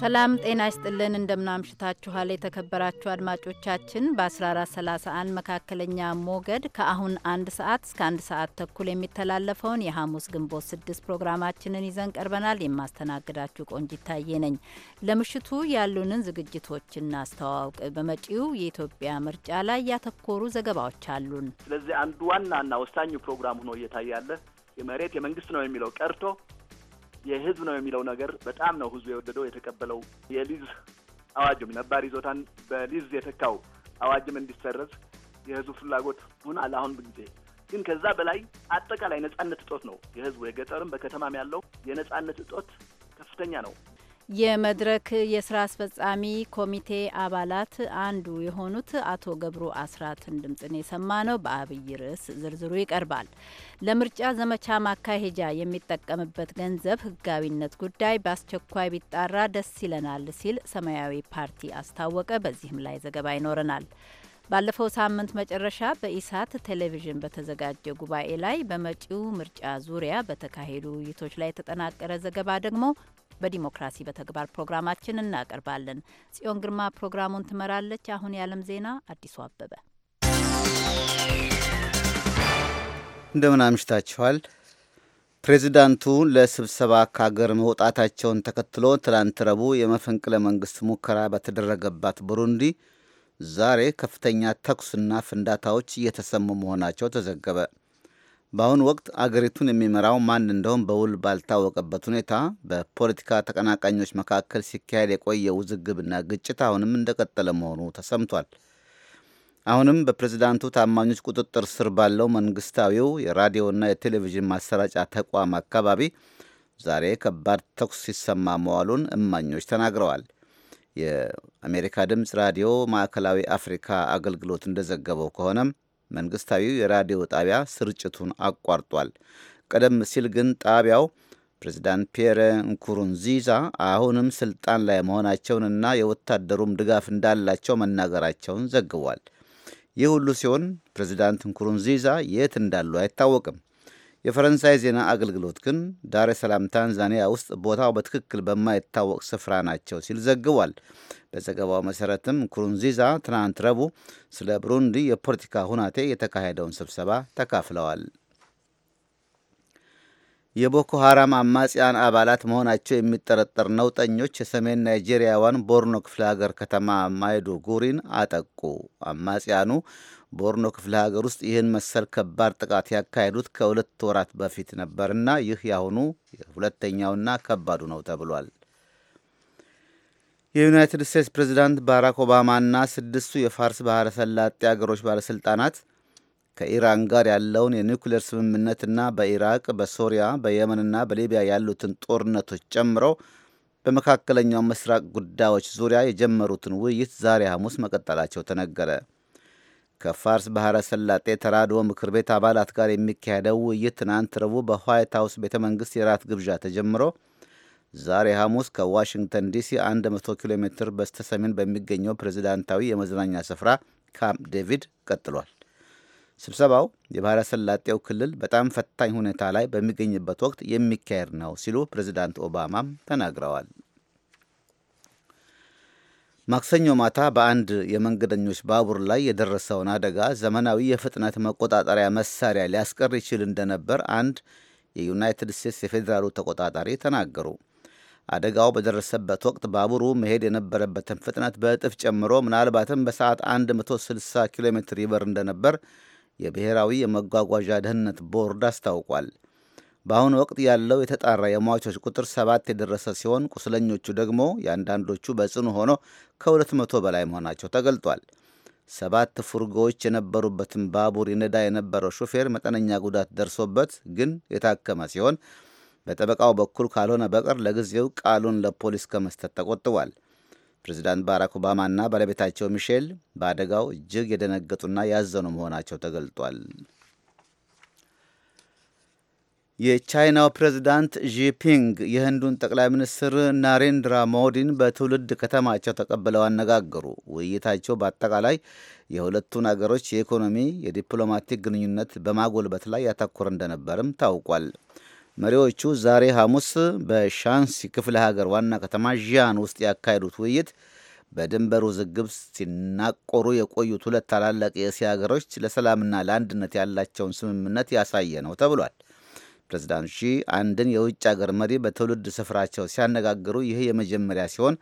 ሰላም ጤና ይስጥልን። እንደምናምሽታችኋል የተከበራችሁ አድማጮቻችን። በ1431 መካከለኛ ሞገድ ከአሁን አንድ ሰዓት እስከ አንድ ሰዓት ተኩል የሚተላለፈውን የሐሙስ ግንቦት ስድስት ፕሮግራማችንን ይዘን ቀርበናል። የማስተናግዳችሁ ቆንጂት ታዬ ነኝ። ለምሽቱ ያሉንን ዝግጅቶች እናስተዋውቅ። በመጪው የኢትዮጵያ ምርጫ ላይ ያተኮሩ ዘገባዎች አሉን። ስለዚህ አንዱ ዋናና ወሳኙ ፕሮግራም ሆኖ እየታያለ የመሬት የመንግስት ነው የሚለው ቀርቶ የህዝብ ነው የሚለው ነገር በጣም ነው ህዝቡ የወደደው የተቀበለው። የሊዝ አዋጅም ነባር ይዞታን በሊዝ የተካው አዋጅም እንዲሰረዝ የህዝቡ ፍላጎት ሆኗል። አሁን ጊዜ ግን ከዛ በላይ አጠቃላይ ነጻነት እጦት ነው የህዝቡ የገጠርም በከተማም ያለው የነጻነት እጦት ከፍተኛ ነው። የመድረክ የስራ አስፈጻሚ ኮሚቴ አባላት አንዱ የሆኑት አቶ ገብሩ አስራትን ድምፅን የሰማ ነው። በአብይ ርዕስ ዝርዝሩ ይቀርባል። ለምርጫ ዘመቻ ማካሄጃ የሚጠቀምበት ገንዘብ ሕጋዊነት ጉዳይ በአስቸኳይ ቢጣራ ደስ ይለናል ሲል ሰማያዊ ፓርቲ አስታወቀ። በዚህም ላይ ዘገባ ይኖረናል። ባለፈው ሳምንት መጨረሻ በኢሳት ቴሌቪዥን በተዘጋጀ ጉባኤ ላይ በመጪው ምርጫ ዙሪያ በተካሄዱ ውይይቶች ላይ የተጠናቀረ ዘገባ ደግሞ በዲሞክራሲ በተግባር ፕሮግራማችን እናቀርባለን። ጽዮን ግርማ ፕሮግራሙን ትመራለች። አሁን የዓለም ዜና አዲሱ አበበ። እንደምን አምሽታችኋል። ፕሬዚዳንቱ ለስብሰባ ከሀገር መውጣታቸውን ተከትሎ ትላንት ረቡዕ የመፈንቅለ መንግስት ሙከራ በተደረገባት ቡሩንዲ ዛሬ ከፍተኛ ተኩስና ፍንዳታዎች እየተሰሙ መሆናቸው ተዘገበ። በአሁኑ ወቅት አገሪቱን የሚመራው ማን እንደሆን በውል ባልታወቀበት ሁኔታ በፖለቲካ ተቀናቃኞች መካከል ሲካሄድ የቆየ ውዝግብና ግጭት አሁንም እንደቀጠለ መሆኑ ተሰምቷል። አሁንም በፕሬዝዳንቱ ታማኞች ቁጥጥር ስር ባለው መንግስታዊው የራዲዮና የቴሌቪዥን ማሰራጫ ተቋም አካባቢ ዛሬ ከባድ ተኩስ ሲሰማ መዋሉን እማኞች ተናግረዋል። የአሜሪካ ድምፅ ራዲዮ ማዕከላዊ አፍሪካ አገልግሎት እንደዘገበው ከሆነም መንግስታዊው የራዲዮ ጣቢያ ስርጭቱን አቋርጧል። ቀደም ሲል ግን ጣቢያው ፕሬዚዳንት ፒየር ንኩሩንዚዛ አሁንም ስልጣን ላይ መሆናቸውንና የወታደሩም ድጋፍ እንዳላቸው መናገራቸውን ዘግቧል። ይህ ሁሉ ሲሆን ፕሬዚዳንት ንኩሩንዚዛ የት እንዳሉ አይታወቅም። የፈረንሳይ ዜና አገልግሎት ግን ዳሬ ሰላም ታንዛኒያ ውስጥ ቦታው በትክክል በማይታወቅ ስፍራ ናቸው ሲል ዘግቧል። በዘገባው መሰረትም ኩሩንዚዛ ትናንት ረቡዕ ስለ ብሩንዲ የፖለቲካ ሁናቴ የተካሄደውን ስብሰባ ተካፍለዋል። የቦኮ ሐራም አማጽያን አባላት መሆናቸው የሚጠረጠር ነውጠኞች የሰሜን ናይጄሪያዋን ቦርኖ ክፍለ ሀገር ከተማ ጉሪን አጠቁ። አማጽያኑ በቦርኖ ክፍለ ሀገር ውስጥ ይህን መሰል ከባድ ጥቃት ያካሄዱት ከሁለት ወራት በፊት ነበርና ይህ ያሁኑ ሁለተኛውና ከባዱ ነው ተብሏል። የዩናይትድ ስቴትስ ፕሬዚዳንት ባራክ ኦባማና ስድስቱ የፋርስ ባህረ ሰላጤ አገሮች ባለሥልጣናት ከኢራን ጋር ያለውን የኒውክሌር ስምምነትና በኢራቅ፣ በሶሪያ፣ በየመንና በሊቢያ ያሉትን ጦርነቶች ጨምረው በመካከለኛው ምስራቅ ጉዳዮች ዙሪያ የጀመሩትን ውይይት ዛሬ ሐሙስ መቀጠላቸው ተነገረ። ከፋርስ ባሕረ ሰላጤ ተራድኦ ምክር ቤት አባላት ጋር የሚካሄደው ውይይት ትናንት ረቡዕ በዋይት ሀውስ ቤተ መንግሥት የራት ግብዣ ተጀምሮ ዛሬ ሐሙስ ከዋሽንግተን ዲሲ 100 ኪሎ ሜትር በስተ ሰሜን በሚገኘው ፕሬዚዳንታዊ የመዝናኛ ስፍራ ካምፕ ዴቪድ ቀጥሏል። ስብሰባው የባሕረ ሰላጤው ክልል በጣም ፈታኝ ሁኔታ ላይ በሚገኝበት ወቅት የሚካሄድ ነው ሲሉ ፕሬዚዳንት ኦባማም ተናግረዋል። ማክሰኞ ማታ በአንድ የመንገደኞች ባቡር ላይ የደረሰውን አደጋ ዘመናዊ የፍጥነት መቆጣጠሪያ መሳሪያ ሊያስቀር ይችል እንደነበር አንድ የዩናይትድ ስቴትስ የፌዴራሉ ተቆጣጣሪ ተናገሩ። አደጋው በደረሰበት ወቅት ባቡሩ መሄድ የነበረበትን ፍጥነት በእጥፍ ጨምሮ ምናልባትም በሰዓት 160 ኪሎ ሜትር ይበር እንደነበር የብሔራዊ የመጓጓዣ ደህንነት ቦርድ አስታውቋል። በአሁኑ ወቅት ያለው የተጣራ የሟቾች ቁጥር ሰባት የደረሰ ሲሆን ቁስለኞቹ ደግሞ የአንዳንዶቹ በጽኑ ሆኖ ከሁለት መቶ በላይ መሆናቸው ተገልጧል። ሰባት ፉርጎዎች የነበሩበትን ባቡር ይነዳ የነበረው ሾፌር መጠነኛ ጉዳት ደርሶበት ግን የታከመ ሲሆን በጠበቃው በኩል ካልሆነ በቀር ለጊዜው ቃሉን ለፖሊስ ከመስጠት ተቆጥቧል። ፕሬዚዳንት ባራክ ኦባማና ባለቤታቸው ሚሼል በአደጋው እጅግ የደነገጡና ያዘኑ መሆናቸው ተገልጧል። የቻይናው ፕሬዝዳንት ዢፒንግ የህንዱን ጠቅላይ ሚኒስትር ናሬንድራ ሞዲን በትውልድ ከተማቸው ተቀብለው አነጋገሩ። ውይይታቸው በአጠቃላይ የሁለቱን አገሮች የኢኮኖሚ፣ የዲፕሎማቲክ ግንኙነት በማጎልበት ላይ ያተኮረ እንደነበርም ታውቋል። መሪዎቹ ዛሬ ሐሙስ በሻንሲ ክፍለ ሀገር ዋና ከተማ ዣን ውስጥ ያካሄዱት ውይይት በድንበር ውዝግብ ሲናቆሩ የቆዩት ሁለት ታላላቅ የእስያ ሀገሮች ለሰላምና ለአንድነት ያላቸውን ስምምነት ያሳየ ነው ተብሏል። ፕሬዚዳንት ሺ አንድን የውጭ አገር መሪ በትውልድ ስፍራቸው ሲያነጋግሩ ይህ የመጀመሪያ ሲሆን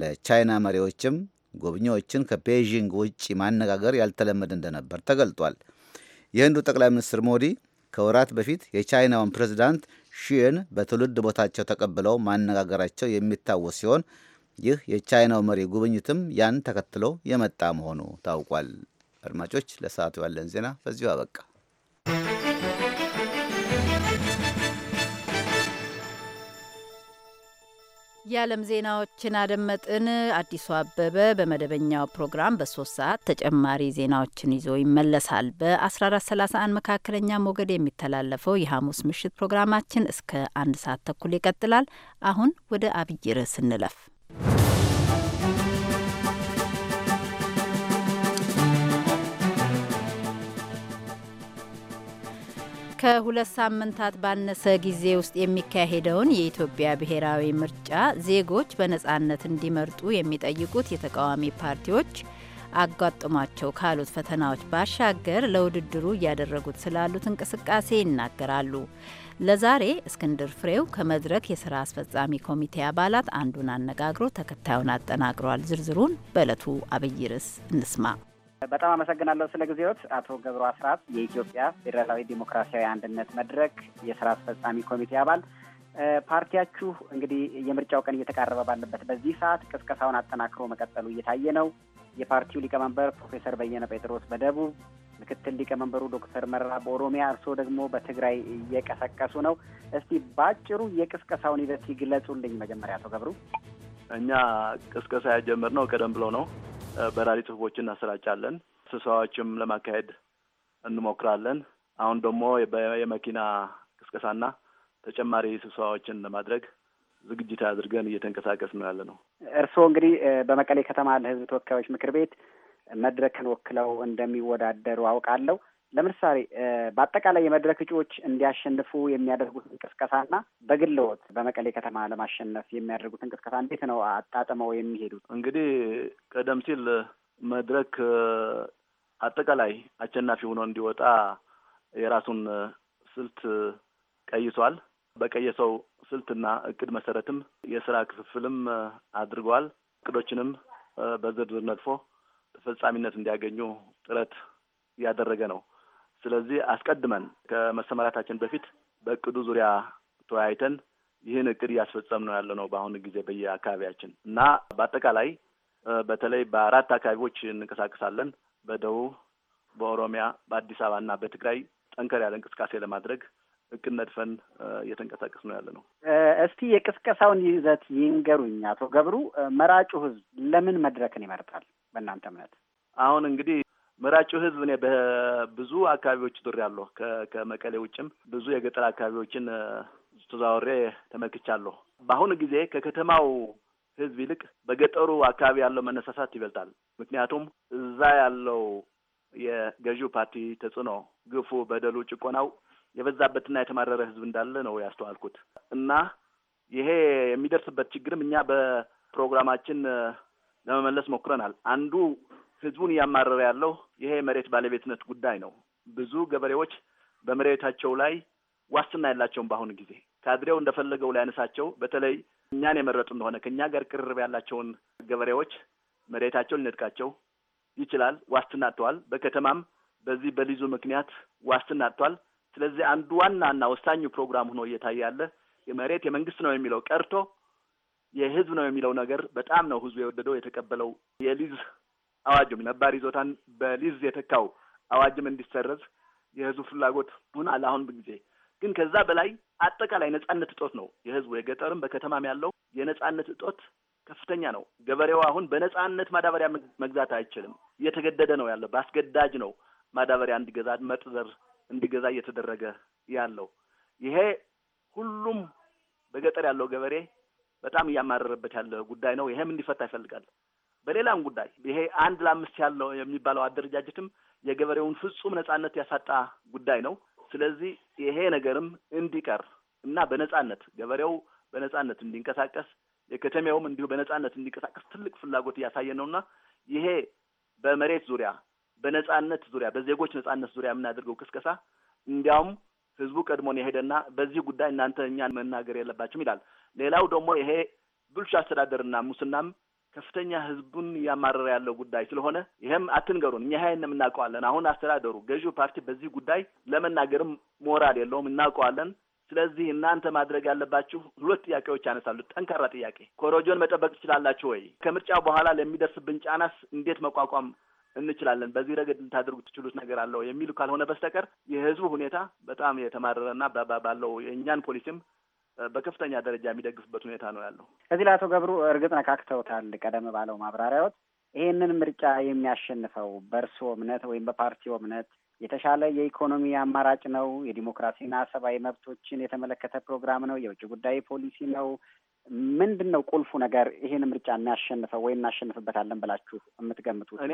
ለቻይና መሪዎችም ጎብኚዎችን ከቤዥንግ ውጭ ማነጋገር ያልተለመደ እንደነበር ተገልጧል። የህንዱ ጠቅላይ ሚኒስትር ሞዲ ከወራት በፊት የቻይናውን ፕሬዚዳንት ሺን በትውልድ ቦታቸው ተቀብለው ማነጋገራቸው የሚታወስ ሲሆን ይህ የቻይናው መሪ ጉብኝትም ያን ተከትሎ የመጣ መሆኑ ታውቋል። አድማጮች፣ ለሰዓቱ ያለን ዜና በዚሁ አበቃ። የዓለም ዜናዎችን አደመጥን። አዲሱ አበበ በመደበኛው ፕሮግራም በሶስት ሰዓት ተጨማሪ ዜናዎችን ይዞ ይመለሳል። በ1431 መካከለኛ ሞገድ የሚተላለፈው የሐሙስ ምሽት ፕሮግራማችን እስከ አንድ ሰዓት ተኩል ይቀጥላል። አሁን ወደ አብይ ርዕስ እንለፍ። ከሁለት ሳምንታት ባነሰ ጊዜ ውስጥ የሚካሄደውን የኢትዮጵያ ብሔራዊ ምርጫ ዜጎች በነጻነት እንዲመርጡ የሚጠይቁት የተቃዋሚ ፓርቲዎች አጋጥሟቸው ካሉት ፈተናዎች ባሻገር ለውድድሩ እያደረጉት ስላሉት እንቅስቃሴ ይናገራሉ። ለዛሬ እስክንድር ፍሬው ከመድረክ የስራ አስፈጻሚ ኮሚቴ አባላት አንዱን አነጋግሮ ተከታዩን አጠናቅሯል። ዝርዝሩን በዕለቱ አብይ ርዕስ እንስማ። በጣም አመሰግናለሁ ስለ ጊዜዎት አቶ ገብሩ አስራት የኢትዮጵያ ፌዴራላዊ ዴሞክራሲያዊ አንድነት መድረክ የስራ አስፈጻሚ ኮሚቴ አባል። ፓርቲያችሁ እንግዲህ የምርጫው ቀን እየተቃረበ ባለበት በዚህ ሰዓት ቅስቀሳውን አጠናክሮ መቀጠሉ እየታየ ነው። የፓርቲው ሊቀመንበር ፕሮፌሰር በየነ ጴጥሮስ በደቡብ፣ ምክትል ሊቀመንበሩ ዶክተር መረራ በኦሮሚያ፣ እርስዎ ደግሞ በትግራይ እየቀሰቀሱ ነው። እስቲ በአጭሩ የቅስቀሳውን ሂደት ይግለጹልኝ። መጀመሪያ አቶ ገብሩ፣ እኛ ቅስቀሳ ነው ቀደም ብሎ ነው በራሪ ጽሁፎች እናሰራጫለን። ስብሰባዎችም ለማካሄድ እንሞክራለን። አሁን ደግሞ የመኪና ቅስቀሳና ተጨማሪ ስብሰባዎችን ለማድረግ ዝግጅት አድርገን እየተንቀሳቀስ ነው ያለ ነው። እርስዎ እንግዲህ በመቀሌ ከተማ ለህዝብ ተወካዮች ምክር ቤት መድረክን ወክለው እንደሚወዳደሩ አውቃለሁ። ለምሳሌ በአጠቃላይ የመድረክ እጩዎች እንዲያሸንፉ የሚያደርጉት እንቅስቀሳና በግለወት በመቀሌ ከተማ ለማሸነፍ የሚያደርጉት እንቅስቀሳ እንዴት ነው አጣጥመው የሚሄዱት? እንግዲህ ቀደም ሲል መድረክ አጠቃላይ አሸናፊ ሆኖ እንዲወጣ የራሱን ስልት ቀይሷል። በቀየሰው ስልትና እቅድ መሰረትም የስራ ክፍፍልም አድርገዋል እቅዶችንም በዝርዝር ነድፎ ተፈጻሚነት እንዲያገኙ ጥረት እያደረገ ነው። ስለዚህ አስቀድመን ከመሰማራታችን በፊት በእቅዱ ዙሪያ ተወያይተን ይህን እቅድ እያስፈጸም ነው ያለ ነው በአሁኑ ጊዜ በየአካባቢያችን እና በአጠቃላይ በተለይ በአራት አካባቢዎች እንንቀሳቀሳለን። በደቡብ፣ በኦሮሚያ፣ በአዲስ አበባ እና በትግራይ ጠንከር ያለ እንቅስቃሴ ለማድረግ እቅድ ነድፈን እየተንቀሳቀስ ነው ያለ ነው። እስቲ የቅስቀሳውን ይዘት ይንገሩኝ አቶ ገብሩ። መራጩ ህዝብ ለምን መድረክን ይመርጣል በእናንተ እምነት? አሁን እንግዲህ መራጩ ህዝብ እኔ በብዙ አካባቢዎች ያለሁ ከመቀሌ ውጭም ብዙ የገጠር አካባቢዎችን ተዘዋውሬ ተመልክቻለሁ። በአሁኑ ጊዜ ከከተማው ህዝብ ይልቅ በገጠሩ አካባቢ ያለው መነሳሳት ይበልጣል። ምክንያቱም እዛ ያለው የገዢው ፓርቲ ተጽዕኖ፣ ግፉ፣ በደሉ፣ ጭቆናው የበዛበትና የተማረረ ህዝብ እንዳለ ነው ያስተዋልኩት እና ይሄ የሚደርስበት ችግርም እኛ በፕሮግራማችን ለመመለስ ሞክረናል። አንዱ ህዝቡን እያማረረ ያለው ይሄ የመሬት ባለቤትነት ጉዳይ ነው። ብዙ ገበሬዎች በመሬታቸው ላይ ዋስትና የላቸውም። በአሁኑ ጊዜ ካድሬው እንደፈለገው ሊያነሳቸው፣ በተለይ እኛን የመረጡ እንደሆነ ከእኛ ጋር ቅርብ ያላቸውን ገበሬዎች መሬታቸው ሊነጥቃቸው ይችላል። ዋስትና አጥተዋል። በከተማም በዚህ በሊዙ ምክንያት ዋስትና አጥተዋል። ስለዚህ አንዱ ዋናና ወሳኙ ፕሮግራም ሆኖ እየታየ ያለ የመሬት የመንግስት ነው የሚለው ቀርቶ የህዝብ ነው የሚለው ነገር በጣም ነው ህዝቡ የወደደው የተቀበለው። የሊዝ አዋጁም ነባር ይዞታን በሊዝ የተካው አዋጅም እንዲሰረዝ የህዝቡ ፍላጎት ሆኗል። አሁን ጊዜ ግን ከዛ በላይ አጠቃላይ ነጻነት እጦት ነው የህዝቡ የገጠርም በከተማም ያለው የነጻነት እጦት ከፍተኛ ነው። ገበሬው አሁን በነጻነት ማዳበሪያ መግዛት አይችልም። እየተገደደ ነው ያለው። በአስገዳጅ ነው ማዳበሪያ እንዲገዛ መጥዘር እንዲገዛ እየተደረገ ያለው። ይሄ ሁሉም በገጠር ያለው ገበሬ በጣም እያማረረበት ያለ ጉዳይ ነው። ይሄም እንዲፈታ ይፈልጋል። በሌላም ጉዳይ ይሄ አንድ ለአምስት ያለው የሚባለው አደረጃጀትም የገበሬውን ፍጹም ነጻነት ያሳጣ ጉዳይ ነው። ስለዚህ ይሄ ነገርም እንዲቀር እና በነጻነት ገበሬው በነጻነት እንዲንቀሳቀስ የከተማውም እንዲሁ በነጻነት እንዲንቀሳቀስ ትልቅ ፍላጎት እያሳየ ነውና ይሄ በመሬት ዙሪያ በነጻነት ዙሪያ በዜጎች ነጻነት ዙሪያ የምናደርገው ቅስቀሳ እንዲያውም ህዝቡ ቀድሞን የሄደና በዚህ ጉዳይ እናንተ እኛን መናገር የለባችሁም ይላል። ሌላው ደግሞ ይሄ ብልሹ አስተዳደርና ሙስናም ከፍተኛ ህዝቡን እያማረረ ያለው ጉዳይ ስለሆነ ይህም አትንገሩን፣ እኛ ሀይን እናውቀዋለን። አሁን አስተዳደሩ ገዢው ፓርቲ በዚህ ጉዳይ ለመናገርም ሞራል የለውም፣ እናውቀዋለን። ስለዚህ እናንተ ማድረግ ያለባችሁ ሁለት ጥያቄዎች ያነሳሉ። ጠንካራ ጥያቄ፣ ኮረጆን መጠበቅ ትችላላችሁ ወይ? ከምርጫ በኋላ ለሚደርስብን ጫናስ እንዴት መቋቋም እንችላለን? በዚህ ረገድ ልታደርጉ ትችሉት ነገር አለው የሚሉ ካልሆነ በስተቀር የህዝቡ ሁኔታ በጣም የተማረረና ባለው የእኛን ፖሊሲም በከፍተኛ ደረጃ የሚደግፍበት ሁኔታ ነው ያለው። እዚህ ላይ አቶ ገብሩ እርግጥ ነካክተውታል። ቀደም ባለው ማብራሪያዎት ይህንን ምርጫ የሚያሸንፈው በእርስዎ እምነት ወይም በፓርቲው እምነት የተሻለ የኢኮኖሚ አማራጭ ነው፣ የዲሞክራሲና ሰብአዊ መብቶችን የተመለከተ ፕሮግራም ነው፣ የውጭ ጉዳይ ፖሊሲ ነው ምንድን ነው ቁልፉ ነገር ይህን ምርጫ የሚያሸንፈው ወይም እናሸንፍበታለን ብላችሁ የምትገምቱት? እኔ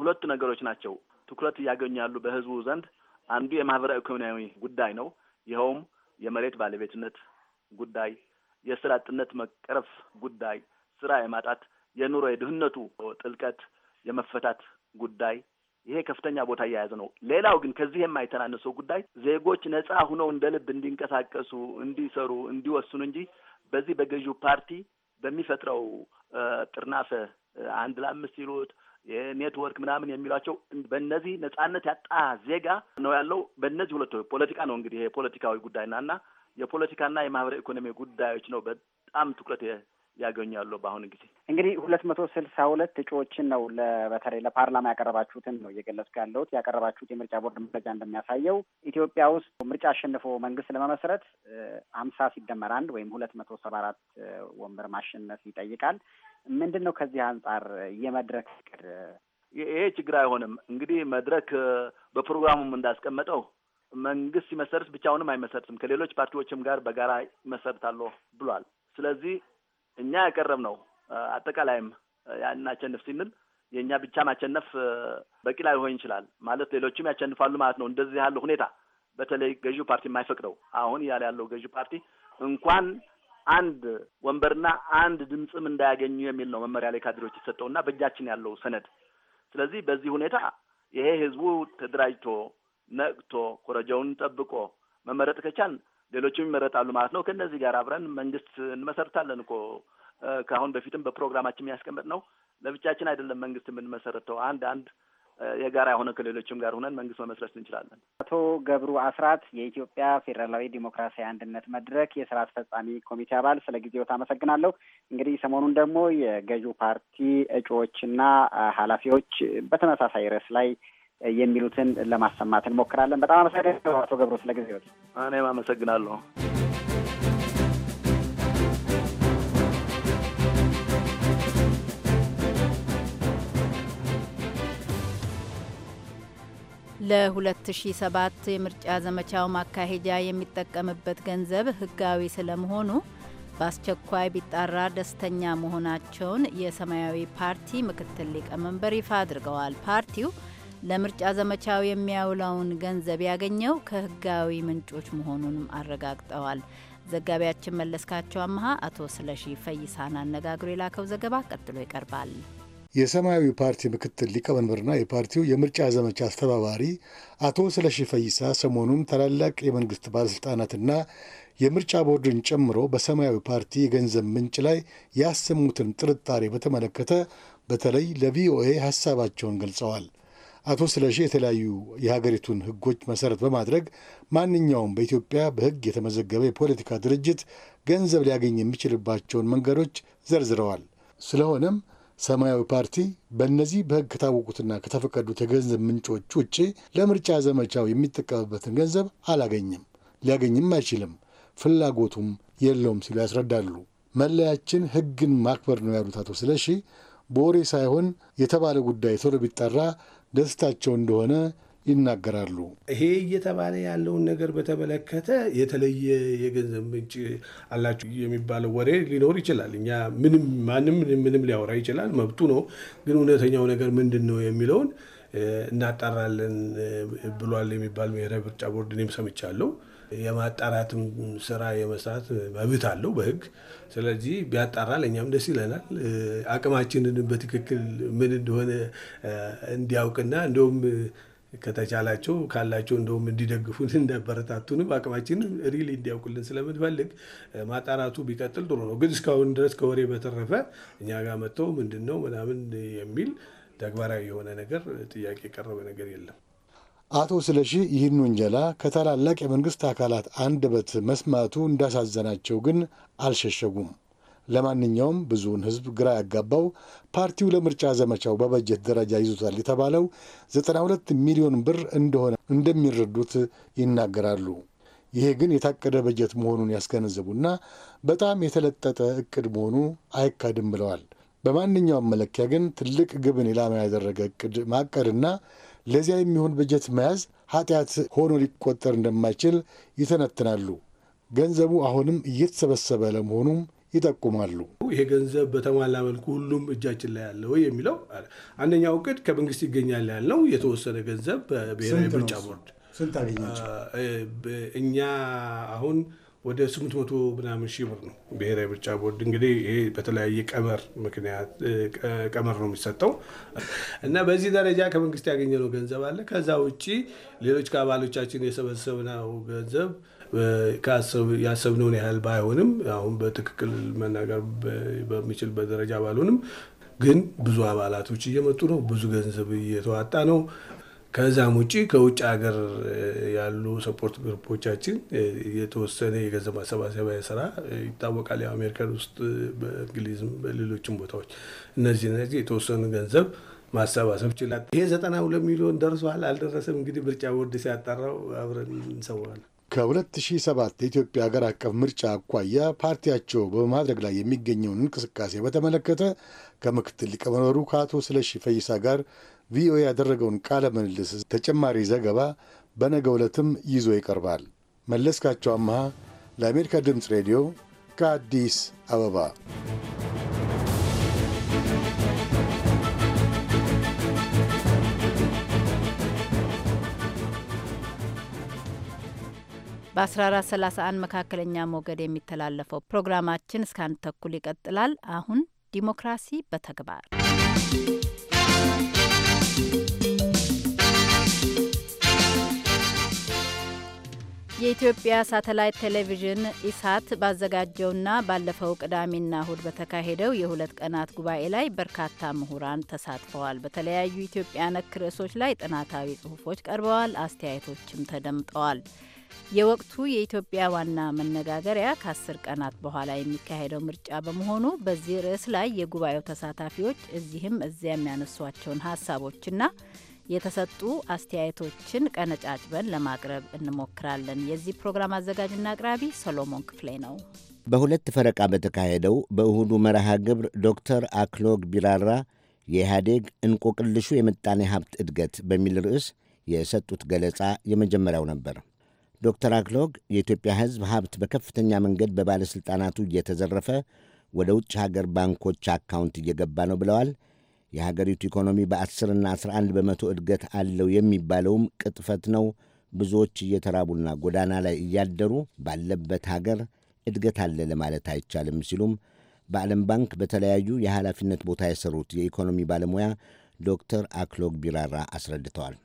ሁለቱ ነገሮች ናቸው ትኩረት እያገኙ ያሉ በህዝቡ ዘንድ። አንዱ የማህበራዊ ኢኮኖሚያዊ ጉዳይ ነው። ይኸውም የመሬት ባለቤትነት ጉዳይ፣ የስራ አጥነት መቀረፍ ጉዳይ፣ ስራ የማጣት የኑሮ የድህነቱ ጥልቀት የመፈታት ጉዳይ ይሄ ከፍተኛ ቦታ እያያዘ ነው። ሌላው ግን ከዚህ የማይተናነሰው ጉዳይ ዜጎች ነጻ ሁነው እንደ ልብ እንዲንቀሳቀሱ፣ እንዲሰሩ፣ እንዲወስኑ እንጂ በዚህ በገዢው ፓርቲ በሚፈጥረው ጥርናፈ አንድ ለአምስት ይሉት የኔትወርክ ምናምን የሚሏቸው በእነዚህ ነጻነት ያጣ ዜጋ ነው ያለው። በእነዚህ ሁለት ፖለቲካ ነው እንግዲህ ይሄ ፖለቲካዊ ጉዳይና እና የፖለቲካና የማህበራዊ ኢኮኖሚ ጉዳዮች ነው በጣም ትኩረት ያገኛሉ። በአሁኑ ጊዜ እንግዲህ ሁለት መቶ ስልሳ ሁለት እጩዎችን ነው በተለይ ለፓርላማ ያቀረባችሁትን ነው እየገለጽኩ ያለሁት። ያቀረባችሁት የምርጫ ቦርድ መረጃ እንደሚያሳየው ኢትዮጵያ ውስጥ ምርጫ አሸንፎ መንግስት ለመመስረት ሀምሳ ሲደመር አንድ ወይም ሁለት መቶ ሰባ አራት ወንበር ማሸነፍ ይጠይቃል። ምንድን ነው ከዚህ አንጻር የመድረክ እቅድ? ይሄ ችግር አይሆንም። እንግዲህ መድረክ በፕሮግራሙም እንዳስቀመጠው መንግስት ሲመሰርት ብቻውንም አይመሰርትም ከሌሎች ፓርቲዎችም ጋር በጋራ ይመሰርታለሁ ብሏል። ስለዚህ እኛ ያቀረብ ነው አጠቃላይም ያን አቸንፍ ሲንል የእኛ ብቻ ማቸነፍ በቂ ላይሆን ይችላል ማለት ሌሎችም ያቸንፋሉ ማለት ነው። እንደዚህ ያለው ሁኔታ በተለይ ገዢው ፓርቲ የማይፈቅደው አሁን እያለ ያለው ገዢው ፓርቲ እንኳን አንድ ወንበርና አንድ ድምፅም እንዳያገኙ የሚል ነው መመሪያ ላይ ካድሬዎች የተሰጠውና በእጃችን ያለው ሰነድ። ስለዚህ በዚህ ሁኔታ ይሄ ህዝቡ ተደራጅቶ ነቅቶ ኮረጃውን ጠብቆ መመረጥ ከቻል ሌሎችም ይመረጣሉ ማለት ነው። ከእነዚህ ጋር አብረን መንግስት እንመሰርታለን እኮ ከአሁን በፊትም በፕሮግራማችን የሚያስቀምጥ ነው። ለብቻችን አይደለም መንግስት የምንመሰረተው አንድ አንድ የጋራ የሆነ ከሌሎችም ጋር ሆነን መንግስት መመስረት እንችላለን። አቶ ገብሩ አስራት የኢትዮጵያ ፌዴራላዊ ዲሞክራሲያዊ አንድነት መድረክ የስራ አስፈጻሚ ኮሚቴ አባል፣ ስለ ጊዜዎት አመሰግናለሁ። እንግዲህ ሰሞኑን ደግሞ የገዢው ፓርቲ እጩዎችና ኃላፊዎች በተመሳሳይ ርዕስ ላይ የሚሉትን ለማሰማት እንሞክራለን። በጣም አመሰግናለሁ አቶ ገብሮ ስለ ጊዜው። እኔም አመሰግናለሁ። ለ2007 የምርጫ ዘመቻው ማካሄጃ የሚጠቀምበት ገንዘብ ሕጋዊ ስለመሆኑ በአስቸኳይ ቢጣራ ደስተኛ መሆናቸውን የሰማያዊ ፓርቲ ምክትል ሊቀመንበር ይፋ አድርገዋል። ፓርቲው ለምርጫ ዘመቻው የሚያውለውን ገንዘብ ያገኘው ከህጋዊ ምንጮች መሆኑንም አረጋግጠዋል። ዘጋቢያችን መለስካቸው አመሀ አቶ ስለሺ ፈይሳን አነጋግሮ የላከው ዘገባ ቀጥሎ ይቀርባል። የሰማያዊ ፓርቲ ምክትል ሊቀመንበርና የፓርቲው የምርጫ ዘመቻ አስተባባሪ አቶ ስለሺ ፈይሳ ሰሞኑን ታላላቅ የመንግስት ባለሥልጣናትና የምርጫ ቦርድን ጨምሮ በሰማያዊ ፓርቲ የገንዘብ ምንጭ ላይ ያሰሙትን ጥርጣሬ በተመለከተ በተለይ ለቪኦኤ ሀሳባቸውን ገልጸዋል። አቶ ስለሺ የተለያዩ የሀገሪቱን ህጎች መሰረት በማድረግ ማንኛውም በኢትዮጵያ በህግ የተመዘገበ የፖለቲካ ድርጅት ገንዘብ ሊያገኝ የሚችልባቸውን መንገዶች ዘርዝረዋል። ስለሆነም ሰማያዊ ፓርቲ በእነዚህ በህግ ከታወቁትና ከተፈቀዱት የገንዘብ ምንጮች ውጪ ለምርጫ ዘመቻው የሚጠቀምበትን ገንዘብ አላገኝም፣ ሊያገኝም አይችልም፣ ፍላጎቱም የለውም ሲሉ ያስረዳሉ። መለያችን ህግን ማክበር ነው ያሉት አቶ ስለሺ በወሬ ሳይሆን የተባለ ጉዳይ ቶሎ ቢጠራ ደስታቸው እንደሆነ ይናገራሉ። ይሄ እየተባለ ያለውን ነገር በተመለከተ የተለየ የገንዘብ ምንጭ አላቸው የሚባለው ወሬ ሊኖር ይችላል። እኛ ምንም ማንም ምንም ሊያወራ ይችላል፣ መብቱ ነው። ግን እውነተኛው ነገር ምንድን ነው የሚለውን እናጣራለን ብሏል የሚባል ብሔራዊ ምርጫ ቦርድ እኔም ሰምቻለሁ። የማጣራትም ስራ የመስራት መብት አለው በህግ። ስለዚህ ቢያጣራ ለእኛም ደስ ይለናል። አቅማችንን በትክክል ምን እንደሆነ እንዲያውቅና እንደውም ከተቻላቸው ካላቸው እንደውም እንዲደግፉን እንዳበረታቱንም አቅማችንን ሪል እንዲያውቁልን ስለምንፈልግ ማጣራቱ ቢቀጥል ጥሩ ነው። ግን እስካሁን ድረስ ከወሬ በተረፈ እኛ ጋር መጥተው ምንድን ነው ምናምን የሚል ተግባራዊ የሆነ ነገር ጥያቄ የቀረበ ነገር የለም። አቶ ስለሺ ይህን ውንጀላ ከታላላቅ የመንግስት አካላት አንደበት መስማቱ እንዳሳዘናቸው ግን አልሸሸጉም። ለማንኛውም ብዙውን ሕዝብ ግራ ያጋባው ፓርቲው ለምርጫ ዘመቻው በበጀት ደረጃ ይዞታል የተባለው 92 ሚሊዮን ብር እንደሆነ እንደሚረዱት ይናገራሉ። ይሄ ግን የታቀደ በጀት መሆኑን ያስገነዘቡና በጣም የተለጠጠ እቅድ መሆኑ አይካድም ብለዋል። በማንኛውም መለኪያ ግን ትልቅ ግብን ኢላማ ያደረገ እቅድ ማቀድና ለዚያ የሚሆን በጀት መያዝ ኃጢአት ሆኖ ሊቆጠር እንደማይችል ይተነትናሉ። ገንዘቡ አሁንም እየተሰበሰበ ለመሆኑም ይጠቁማሉ። ይሄ ገንዘብ በተሟላ መልኩ ሁሉም እጃችን ላይ ያለው የሚለው አንደኛው እቅድ ከመንግስት ይገኛል ያለው የተወሰነ ገንዘብ በብሔራዊ ምርጫ ቦርድ እኛ አሁን ወደ 800 ምናምን ሺህ ብር ነው ብሔራዊ ምርጫ ቦርድ እንግዲህ ይሄ በተለያየ ቀመር ምክንያት ቀመር ነው የሚሰጠው እና በዚህ ደረጃ ከመንግስት ያገኘነው ገንዘብ አለ። ከዛ ውጭ ሌሎች ከአባሎቻችን የሰበሰብነው ገንዘብ ያሰብነውን ያህል ባይሆንም አሁን በትክክል መናገር በሚችልበት ደረጃ ባልሆንም፣ ግን ብዙ አባላቶች እየመጡ ነው። ብዙ ገንዘብ እየተዋጣ ነው። ከዛም ውጭ ከውጭ ሀገር ያሉ ሰፖርት ግሩፖቻችን የተወሰነ የገንዘብ ማሰባሰቢያ ስራ ይታወቃል። የአሜሪካን ውስጥ በእንግሊዝም በሌሎችም ቦታዎች እነዚህ እነዚህ የተወሰኑ ገንዘብ ማሰባሰብ ችላል። ይሄ ዘጠና ሁለት ሚሊዮን ደርሷል አልደረሰም? እንግዲህ ምርጫ ቦርድ ሲያጠራው አብረን እንሰዋለን። ከ2007 የኢትዮጵያ ሀገር አቀፍ ምርጫ አኳያ ፓርቲያቸው በማድረግ ላይ የሚገኘውን እንቅስቃሴ በተመለከተ ከምክትል ሊቀመንበሩ ከአቶ ስለሺ ፈይሳ ጋር ቪኦኤ ያደረገውን ቃለ ምልልስ ተጨማሪ ዘገባ በነገ ዕለትም ይዞ ይቀርባል። መለስካቸው አመሃ ለአሜሪካ ድምፅ ሬዲዮ ከአዲስ አበባ በ1431 መካከለኛ ሞገድ የሚተላለፈው ፕሮግራማችን እስከ አንድ ተኩል ይቀጥላል። አሁን ዲሞክራሲ በተግባር የኢትዮጵያ ሳተላይት ቴሌቪዥን ኢሳት ባዘጋጀውና ባለፈው ቅዳሜና እሁድ በተካሄደው የሁለት ቀናት ጉባኤ ላይ በርካታ ምሁራን ተሳትፈዋል። በተለያዩ ኢትዮጵያ ነክ ርዕሶች ላይ ጥናታዊ ጽሁፎች ቀርበዋል። አስተያየቶችም ተደምጠዋል። የወቅቱ የኢትዮጵያ ዋና መነጋገሪያ ከአስር ቀናት በኋላ የሚካሄደው ምርጫ በመሆኑ በዚህ ርዕስ ላይ የጉባኤው ተሳታፊዎች እዚህም እዚያም ያነሷቸውን ሀሳቦችና የተሰጡ አስተያየቶችን ቀነጫጭበን ለማቅረብ እንሞክራለን። የዚህ ፕሮግራም አዘጋጅና አቅራቢ ሰሎሞን ክፍሌ ነው። በሁለት ፈረቃ በተካሄደው በእሁዱ መርሃ ግብር ዶክተር አክሎግ ቢራራ የኢህአዴግ እንቆቅልሹ የምጣኔ ሀብት እድገት በሚል ርዕስ የሰጡት ገለጻ የመጀመሪያው ነበር። ዶክተር አክሎግ የኢትዮጵያ ሕዝብ ሀብት በከፍተኛ መንገድ በባለሥልጣናቱ እየተዘረፈ ወደ ውጭ ሀገር ባንኮች አካውንት እየገባ ነው ብለዋል። የሀገሪቱ ኢኮኖሚ በ10ና 11 በመቶ እድገት አለው የሚባለውም ቅጥፈት ነው። ብዙዎች እየተራቡና ጎዳና ላይ እያደሩ ባለበት ሀገር እድገት አለ ለማለት አይቻልም ሲሉም በዓለም ባንክ በተለያዩ የኃላፊነት ቦታ የሰሩት የኢኮኖሚ ባለሙያ ዶክተር አክሎግ ቢራራ አስረድተዋል።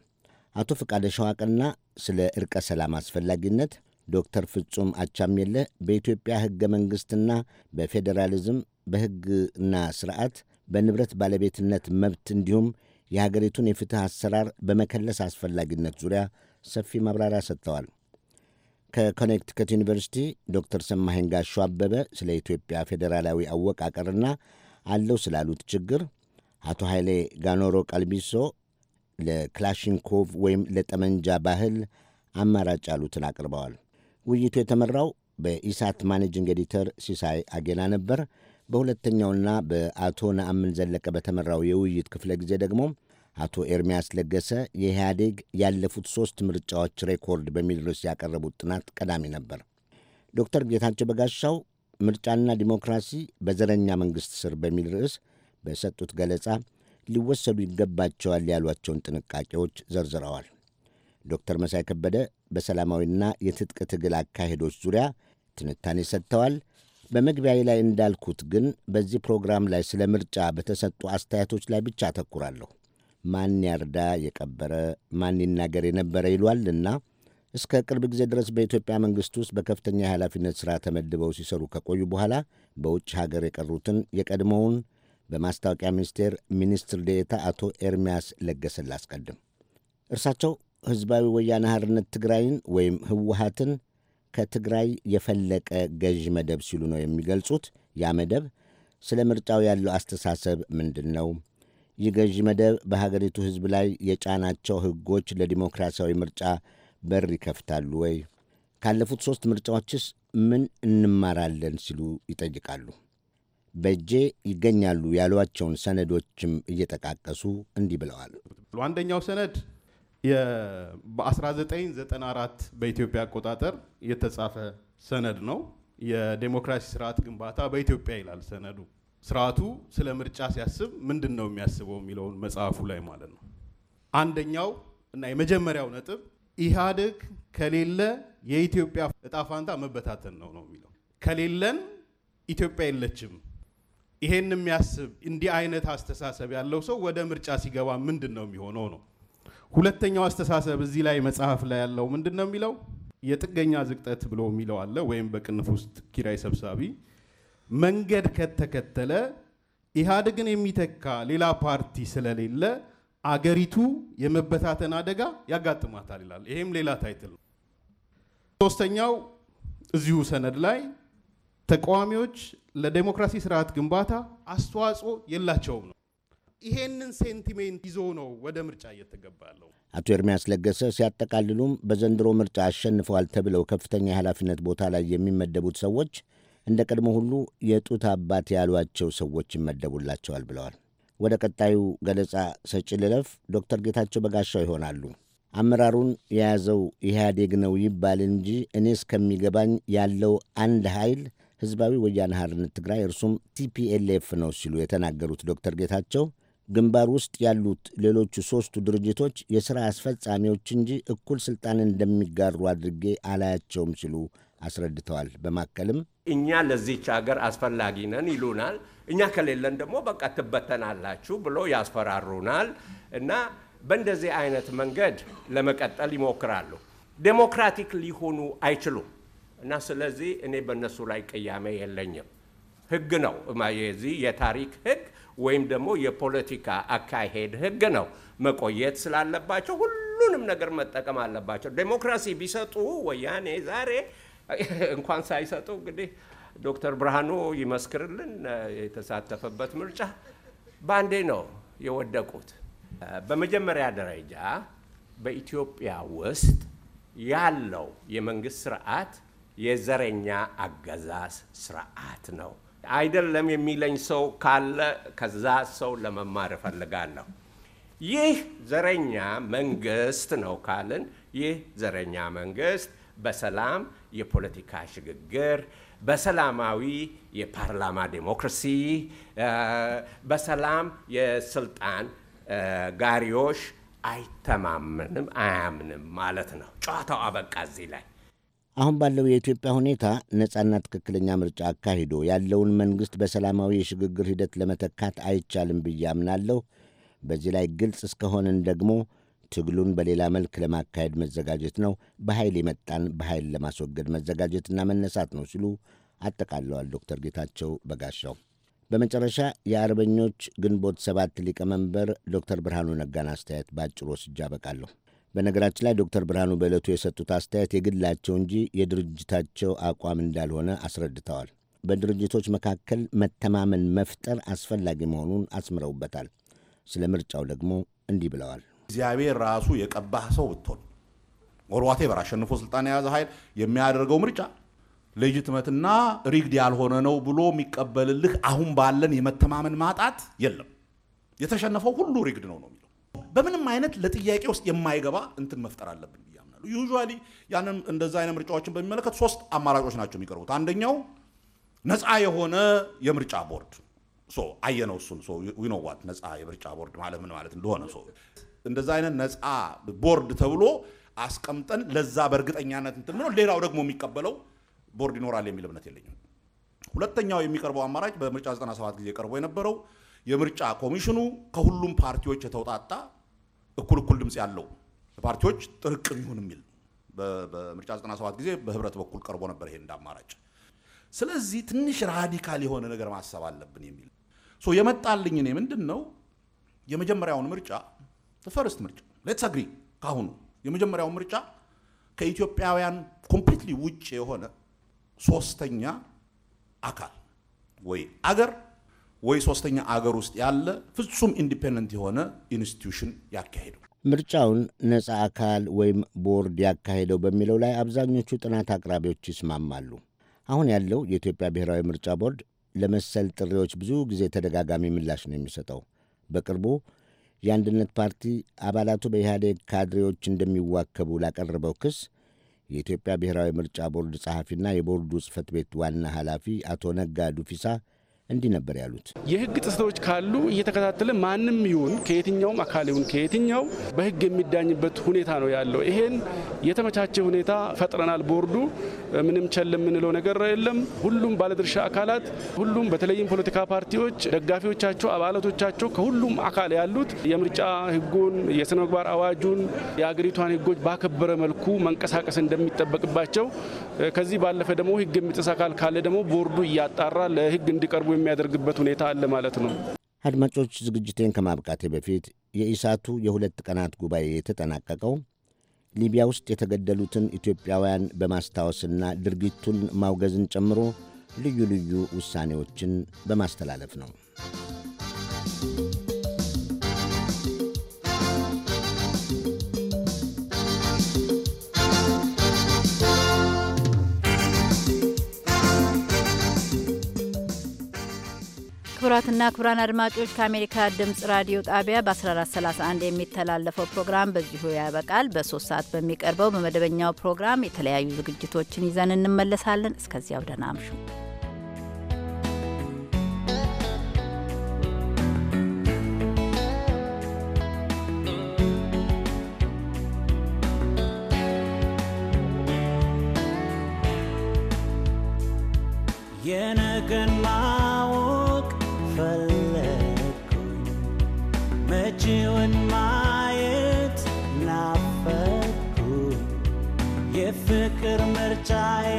አቶ ፈቃደ ሸዋቅና ስለ ዕርቀ ሰላም አስፈላጊነት፣ ዶክተር ፍጹም አቻምየለህ በኢትዮጵያ ሕገ መንግሥትና በፌዴራሊዝም በሕግና ስርዓት በንብረት ባለቤትነት መብት እንዲሁም የሀገሪቱን የፍትሕ አሰራር በመከለስ አስፈላጊነት ዙሪያ ሰፊ ማብራሪያ ሰጥተዋል። ከኮኔክቲከት ዩኒቨርሲቲ ዶክተር ሰማኸኝ ጋሾ አበበ ስለ ኢትዮጵያ ፌዴራላዊ አወቃቀርና አለው ስላሉት ችግር፣ አቶ ኃይሌ ጋኖሮ ቀልቢሶ ለክላሽንኮቭ ወይም ለጠመንጃ ባህል አማራጭ ያሉትን አቅርበዋል። ውይይቱ የተመራው በኢሳት ማኔጅንግ ኤዲተር ሲሳይ አጌና ነበር። በሁለተኛውና በአቶ ነአምን ዘለቀ በተመራው የውይይት ክፍለ ጊዜ ደግሞ አቶ ኤርሚያስ ለገሰ የኢህአዴግ ያለፉት ሦስት ምርጫዎች ሬኮርድ በሚል ርዕስ ያቀረቡት ጥናት ቀዳሚ ነበር። ዶክተር ጌታቸው በጋሻው ምርጫና ዲሞክራሲ በዘረኛ መንግሥት ስር በሚል ርዕስ በሰጡት ገለጻ ሊወሰዱ ይገባቸዋል ያሏቸውን ጥንቃቄዎች ዘርዝረዋል። ዶክተር መሳይ ከበደ በሰላማዊና የትጥቅ ትግል አካሄዶች ዙሪያ ትንታኔ ሰጥተዋል። በመግቢያዬ ላይ እንዳልኩት ግን በዚህ ፕሮግራም ላይ ስለ ምርጫ በተሰጡ አስተያየቶች ላይ ብቻ አተኩራለሁ። ማን ያርዳ የቀበረ ማን ይናገር የነበረ ይሏልና እስከ ቅርብ ጊዜ ድረስ በኢትዮጵያ መንግሥት ውስጥ በከፍተኛ የኃላፊነት ሥራ ተመድበው ሲሰሩ ከቆዩ በኋላ በውጭ ሀገር የቀሩትን የቀድሞውን በማስታወቂያ ሚኒስቴር ሚኒስትር ዴኤታ አቶ ኤርሚያስ ለገሰን ላስቀድም። እርሳቸው ሕዝባዊ ወያነ ሓርነት ትግራይን ወይም ህወሓትን ከትግራይ የፈለቀ ገዥ መደብ ሲሉ ነው የሚገልጹት። ያ መደብ ስለ ምርጫው ያለው አስተሳሰብ ምንድን ነው? ይህ ገዥ መደብ በሀገሪቱ ሕዝብ ላይ የጫናቸው ሕጎች ለዲሞክራሲያዊ ምርጫ በር ይከፍታሉ ወይ? ካለፉት ሦስት ምርጫዎችስ ምን እንማራለን ሲሉ ይጠይቃሉ። በእጄ ይገኛሉ ያሏቸውን ሰነዶችም እየጠቃቀሱ እንዲህ ብለዋል። አንደኛው ሰነድ በ1994 በኢትዮጵያ አቆጣጠር የተጻፈ ሰነድ ነው። የዴሞክራሲ ስርዓት ግንባታ በኢትዮጵያ ይላል ሰነዱ። ስርዓቱ ስለ ምርጫ ሲያስብ ምንድን ነው የሚያስበው የሚለውን መጽሐፉ ላይ ማለት ነው። አንደኛው እና የመጀመሪያው ነጥብ ኢህአዴግ ከሌለ የኢትዮጵያ እጣ ፋንታ መበታተን ነው ነው የሚለው ከሌለን ኢትዮጵያ የለችም። ይሄን የሚያስብ እንዲህ አይነት አስተሳሰብ ያለው ሰው ወደ ምርጫ ሲገባ ምንድን ነው የሚሆነው ነው ሁለተኛው አስተሳሰብ እዚህ ላይ መጽሐፍ ላይ ያለው ምንድን ነው የሚለው የጥገኛ ዝቅጠት ብሎ የሚለው አለ። ወይም በቅንፍ ውስጥ ኪራይ ሰብሳቢ መንገድ ከተከተለ ኢህአዴግን የሚተካ ሌላ ፓርቲ ስለሌለ አገሪቱ የመበታተን አደጋ ያጋጥማታል ይላል። ይሄም ሌላ ታይትል ነው። ሶስተኛው እዚሁ ሰነድ ላይ ተቃዋሚዎች ለዴሞክራሲ ስርዓት ግንባታ አስተዋጽኦ የላቸውም ነው። ይሄንን ሴንቲሜንት ይዞ ነው ወደ ምርጫ እየተገባ ያለው። አቶ ኤርሚያስ ለገሰ ሲያጠቃልሉም በዘንድሮ ምርጫ አሸንፈዋል ተብለው ከፍተኛ የኃላፊነት ቦታ ላይ የሚመደቡት ሰዎች እንደ ቀድሞ ሁሉ የጡት አባት ያሏቸው ሰዎች ይመደቡላቸዋል ብለዋል። ወደ ቀጣዩ ገለጻ ሰጪ ልለፍ። ዶክተር ጌታቸው በጋሻው ይሆናሉ። አመራሩን የያዘው ኢህአዴግ ነው ይባል እንጂ እኔ እስከሚገባኝ ያለው አንድ ኃይል ህዝባዊ ወያነ ሓርነት ትግራይ እርሱም ቲፒኤልኤፍ ነው ሲሉ የተናገሩት ዶክተር ጌታቸው ግንባር ውስጥ ያሉት ሌሎቹ ሦስቱ ድርጅቶች የሥራ አስፈጻሚዎች እንጂ እኩል ሥልጣን እንደሚጋሩ አድርጌ አላያቸውም ሲሉ አስረድተዋል። በማከልም እኛ ለዚች ሀገር አስፈላጊ ነን ይሉናል፣ እኛ ከሌለን ደግሞ በቃ ትበተናላችሁ ብሎ ያስፈራሩናል እና በእንደዚህ አይነት መንገድ ለመቀጠል ይሞክራሉ። ዴሞክራቲክ ሊሆኑ አይችሉም እና ስለዚህ እኔ በእነሱ ላይ ቅያሜ የለኝም። ህግ ነው የዚህ የታሪክ ህግ ወይም ደግሞ የፖለቲካ አካሄድ ህግ ነው መቆየት ስላለባቸው ሁሉንም ነገር መጠቀም አለባቸው። ዴሞክራሲ ቢሰጡ ወያኔ ዛሬ እንኳን ሳይሰጡ እንግዲህ ዶክተር ብርሃኑ ይመስክርልን የተሳተፈበት ምርጫ በአንዴ ነው የወደቁት። በመጀመሪያ ደረጃ በኢትዮጵያ ውስጥ ያለው የመንግስት ስርዓት የዘረኛ አገዛዝ ስርዓት ነው። አይደለም የሚለኝ ሰው ካለ ከዛ ሰው ለመማር እፈልጋለሁ። ይህ ዘረኛ መንግስት ነው ካልን ይህ ዘረኛ መንግስት በሰላም የፖለቲካ ሽግግር፣ በሰላማዊ የፓርላማ ዴሞክራሲ፣ በሰላም የስልጣን ጋሪዎች አይተማመንም፣ አያምንም ማለት ነው። ጨዋታው አበቃ እዚህ ላይ። አሁን ባለው የኢትዮጵያ ሁኔታ ነጻና ትክክለኛ ምርጫ አካሂዶ ያለውን መንግሥት በሰላማዊ የሽግግር ሂደት ለመተካት አይቻልም ብዬ አምናለሁ። በዚህ ላይ ግልጽ እስከሆንን ደግሞ ትግሉን በሌላ መልክ ለማካሄድ መዘጋጀት ነው። በኃይል የመጣን በኃይል ለማስወገድ መዘጋጀትና መነሳት ነው ሲሉ አጠቃለዋል ዶክተር ጌታቸው በጋሻው። በመጨረሻ የአርበኞች ግንቦት ሰባት ሊቀመንበር ዶክተር ብርሃኑ ነጋን አስተያየት በአጭሩ ወስጄ አበቃለሁ። በነገራችን ላይ ዶክተር ብርሃኑ በዕለቱ የሰጡት አስተያየት የግላቸው እንጂ የድርጅታቸው አቋም እንዳልሆነ አስረድተዋል። በድርጅቶች መካከል መተማመን መፍጠር አስፈላጊ መሆኑን አስምረውበታል። ስለ ምርጫው ደግሞ እንዲህ ብለዋል። እግዚአብሔር ራሱ የቀባህ ሰው ብትሆን ወርዋቴ በር አሸንፎ ስልጣን የያዘ ኃይል የሚያደርገው ምርጫ ሌጅትመትና ሪግድ ያልሆነ ነው ብሎ የሚቀበልልህ አሁን ባለን የመተማመን ማጣት የለም። የተሸነፈው ሁሉ ሪግድ ነው ነው በምንም አይነት ለጥያቄ ውስጥ የማይገባ እንትን መፍጠር አለብን ብዬ አምናለሁ። ዩዥዋሊ ያንን እንደዛ አይነት ምርጫዎችን በሚመለከት ሶስት አማራጮች ናቸው የሚቀርቡት። አንደኛው ነፃ የሆነ የምርጫ ቦርድ አየነው። እሱን ዊኖዋት ነፃ የምርጫ ቦርድ ማለት ምን ማለት እንደሆነ እንደዛ አይነት ነፃ ቦርድ ተብሎ አስቀምጠን ለዛ በእርግጠኛነት እንትን ምኖ ሌላው ደግሞ የሚቀበለው ቦርድ ይኖራል የሚል እምነት የለኝም። ሁለተኛው የሚቀርበው አማራጭ በምርጫ 97 ጊዜ ቀርቦ የነበረው የምርጫ ኮሚሽኑ ከሁሉም ፓርቲዎች የተውጣጣ እኩል እኩል ድምፅ ያለው ፓርቲዎች ጥርቅም ይሁን የሚል በምርጫ 97 ጊዜ በህብረት በኩል ቀርቦ ነበር ይሄ እንደ አማራጭ። ስለዚህ ትንሽ ራዲካል የሆነ ነገር ማሰብ አለብን የሚል ሶ የመጣልኝ እኔ ምንድን ነው የመጀመሪያውን ምርጫ ፈርስት ምርጫ ሌትስ አግሪ ካሁኑ የመጀመሪያውን ምርጫ ከኢትዮጵያውያን ኮምፕሊትሊ ውጭ የሆነ ሶስተኛ አካል ወይ አገር ወይ ሶስተኛ አገር ውስጥ ያለ ፍጹም ኢንዲፔንደንት የሆነ ኢንስቲትዩሽን ያካሄዱ። ምርጫውን ነፃ አካል ወይም ቦርድ ያካሄደው በሚለው ላይ አብዛኞቹ ጥናት አቅራቢዎች ይስማማሉ። አሁን ያለው የኢትዮጵያ ብሔራዊ ምርጫ ቦርድ ለመሰል ጥሪዎች ብዙ ጊዜ ተደጋጋሚ ምላሽ ነው የሚሰጠው። በቅርቡ የአንድነት ፓርቲ አባላቱ በኢህአዴግ ካድሬዎች እንደሚዋከቡ ላቀረበው ክስ የኢትዮጵያ ብሔራዊ ምርጫ ቦርድ ጸሐፊና የቦርዱ ጽፈት ቤት ዋና ኃላፊ አቶ ነጋ ዱፊሳ እንዲህ ነበር ያሉት። የህግ ጥሰቶች ካሉ እየተከታተለ ማንም ይሁን ከየትኛውም አካል ይሁን ከየትኛው በህግ የሚዳኝበት ሁኔታ ነው ያለው። ይሄን የተመቻቸ ሁኔታ ፈጥረናል። ቦርዱ ምንም ቸል የምንለው ነገር የለም። ሁሉም ባለድርሻ አካላት፣ ሁሉም በተለይም ፖለቲካ ፓርቲዎች፣ ደጋፊዎቻቸው፣ አባላቶቻቸው ከሁሉም አካል ያሉት የምርጫ ህጉን፣ የስነ ምግባር አዋጁን፣ የአገሪቷን ህጎች ባከበረ መልኩ መንቀሳቀስ እንደሚጠበቅባቸው ከዚህ ባለፈ ደግሞ ህግ የሚጥስ አካል ካለ ደግሞ ቦርዱ እያጣራ ለህግ እንዲቀርቡ የሚያደርግበት ሁኔታ አለ ማለት ነው። አድማጮች፣ ዝግጅቴን ከማብቃቴ በፊት የኢሳቱ የሁለት ቀናት ጉባኤ የተጠናቀቀው ሊቢያ ውስጥ የተገደሉትን ኢትዮጵያውያን በማስታወስና ድርጊቱን ማውገዝን ጨምሮ ልዩ ልዩ ውሳኔዎችን በማስተላለፍ ነው። ክቡራትና ክቡራን አድማጮች ከአሜሪካ ድምፅ ራዲዮ ጣቢያ በ1431 የሚተላለፈው ፕሮግራም በዚሁ ያበቃል። በሶስት ሰዓት በሚቀርበው በመደበኛው ፕሮግራም የተለያዩ ዝግጅቶችን ይዘን እንመለሳለን። እስከዚያው ደህና አምሹ። ፍቅር ምርጫዬ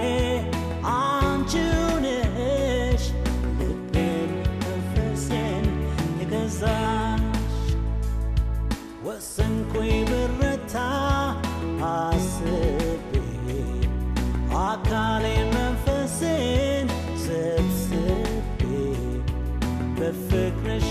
አንቺው ነሽ ልቤን መንፈሴን የገዛሽ ወሰንኩኝ ብረታ አስቤ አካሌ መንፈሴን ሰብስቤ በፍቅርሽ